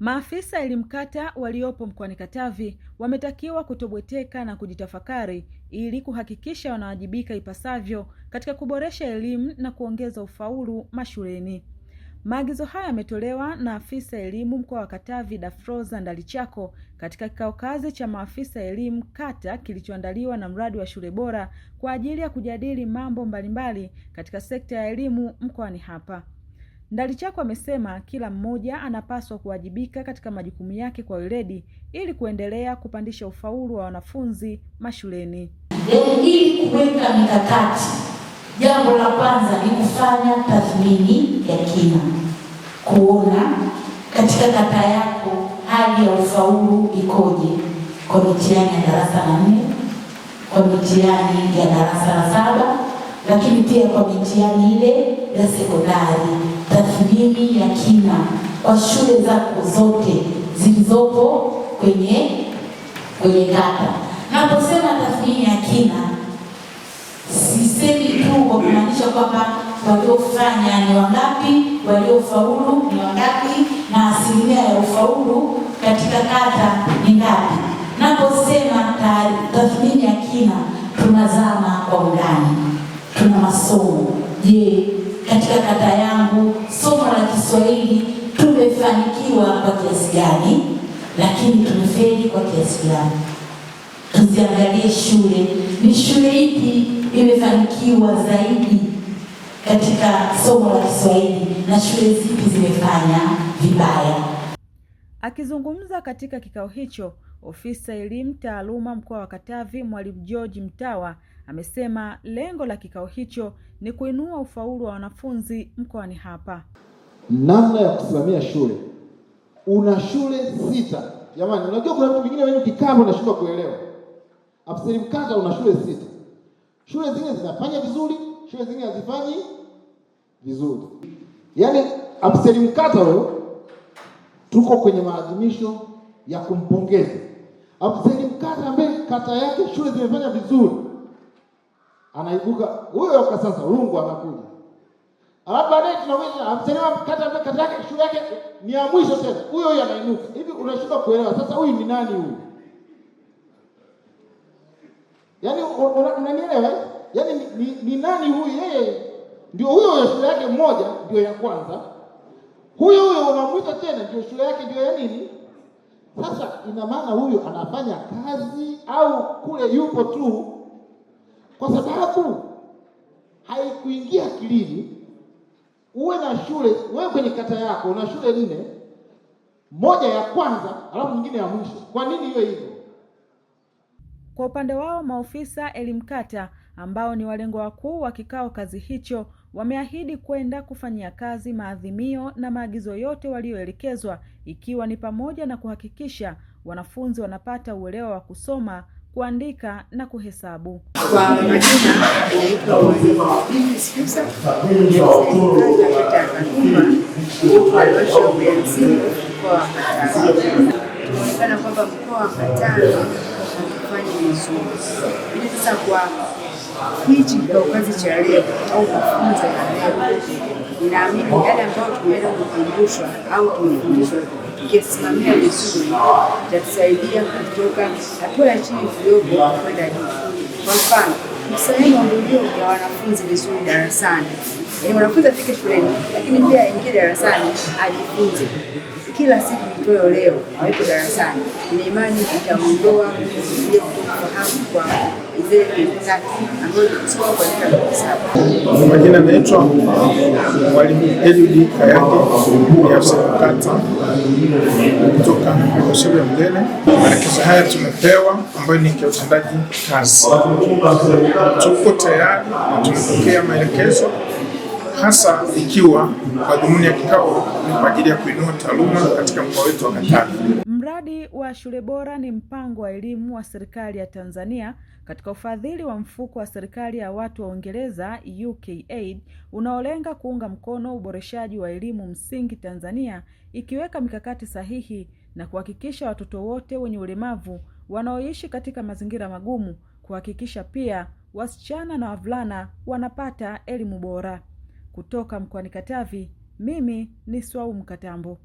Maafisa elimu kata waliopo mkoani Katavi wametakiwa kutobweteka na kujitafakari ili kuhakikisha wanawajibika ipasavyo katika kuboresha elimu na kuongeza ufaulu mashuleni. Maagizo haya yametolewa na afisa elimu mkoa wa Katavi Dafroza Ndalichako katika kikao kazi cha maafisa elimu kata kilichoandaliwa na mradi wa shule bora kwa ajili ya kujadili mambo mbalimbali katika sekta ya elimu mkoani hapa. Ndalichako amesema kila mmoja anapaswa kuwajibika katika majukumu yake kwa weledi ili kuendelea kupandisha ufaulu wa wanafunzi mashuleni. Ili kuweka mikakati Jambo la kwanza ni kufanya tathmini ya kina, kuona katika kata yako hali ya ufaulu ikoje kwa mitihani ya darasa la nne, kwa mitihani ya darasa la saba, lakini pia kwa mitihani ile ya sekondari. Tathmini ya kina kwa shule zako zote zilizopo kwenye kwenye kata. Naposema tathmini ya kina Sisemi tu kwa kumaanisha kwamba waliofanya ni wangapi, waliofaulu ni wangapi, na asilimia ya ufaulu katika kata ni ngapi. Naposema tathmini ya kina, tunazama kwa undani, tuna masomo. Je, katika kata yangu somo la Kiswahili tumefanikiwa kwa kiasi gani? Lakini tumefeli kwa kiasi gani? Tuziangalie shule ni shule hiki imefanikiwa zaidi katika somo la Kiswahili na shule zipi zimefanya vibaya. Akizungumza katika kikao hicho, ofisa elimu taaluma mkoa wa Katavi, Mwalimu George Mtawa amesema lengo la kikao hicho ni kuinua ufaulu wa wanafunzi mkoani hapa. Namna ya kusimamia shule, una shule sita. Jamani, unajua kuna vitu vingine wewe ukikaa unashindwa kuelewa Afsiri mkaza una shule sita, shule zingine zinafanya vizuri, shule zingine hazifanyi vizuri. Yaani afsiri mkaza leo tuko kwenye maadhimisho ya kumpongeza afsiri mkaza ambaye kata yake shule zimefanya vizuri, anaibuka huyo kwa sasa rungu anakuja Alafu baadaye tunaweza amsema kata kata yake shule yake ni ya mwisho tena. Huyo huyo anainuka. Hivi unashindwa kuelewa. Sasa huyu ni nani huyu? Yaani unanielewa? Eh? Yaani ni, ni, ni nani huyu yeye? Ndio huyo ya shule yake mmoja ndio ya kwanza. Huyo huyo unamwita tena ndio shule yake ndio ya nini? Sasa ina maana huyu anafanya kazi au kule yupo tu kwa sababu haikuingia akilini uwe na shule wewe kwenye kata yako una shule nne, moja ya kwanza alafu nyingine ya mwisho. Kwa nini hiyo hivyo? Kwa upande wao maofisa elimkata ambao ni walengwa wakuu wa kikao kazi hicho wameahidi kwenda kufanyia kazi maadhimio na maagizo yote walioelekezwa, ikiwa ni pamoja na kuhakikisha wanafunzi wanapata uelewa wa kusoma, kuandika na kuhesabu kufanya vizuri. Ili sasa kwa hichi kikaokazi cha leo au kufunza ya leo, ninaamini yale ambayo tumeenda kukumbushwa au tumefundishwa tukisimamia vizuri, tatusaidia kutoka hatua ya chini kidogo kwenda juu. Kwa mfano, msanii mahudhurio ya wanafunzi vizuri darasani, yaani wanafunzi afike shuleni, lakini pia aingie darasani ajifunze kila siku Mtoyo leo haweko darasani, ni imani itaondoa ile kutokufahamu kwa zile tatu ambazo kusoma kwa na kuhesabu. Kwa majina naitwa uh, Mwalimu Edward Kayake, ni afisa kata kutoka halmashauri ya Mlele. Maelekezo haya tumepewa ambayo ni ya utendaji kazi, tuko tayari na tumepokea maelekezo hasa ikiwa madhumuni ya kikao ni kwa ajili ya kuinua taaluma katika mkoa wetu wa Katavi. Mradi wa shule bora ni mpango wa elimu wa serikali ya Tanzania katika ufadhili wa mfuko wa serikali ya watu wa Uingereza UKAID unaolenga kuunga mkono uboreshaji wa elimu msingi Tanzania, ikiweka mikakati sahihi na kuhakikisha watoto wote wenye ulemavu wanaoishi katika mazingira magumu, kuhakikisha pia wasichana na wavulana wanapata elimu bora. Kutoka mkoani Katavi, mimi ni Swaumu Katambo.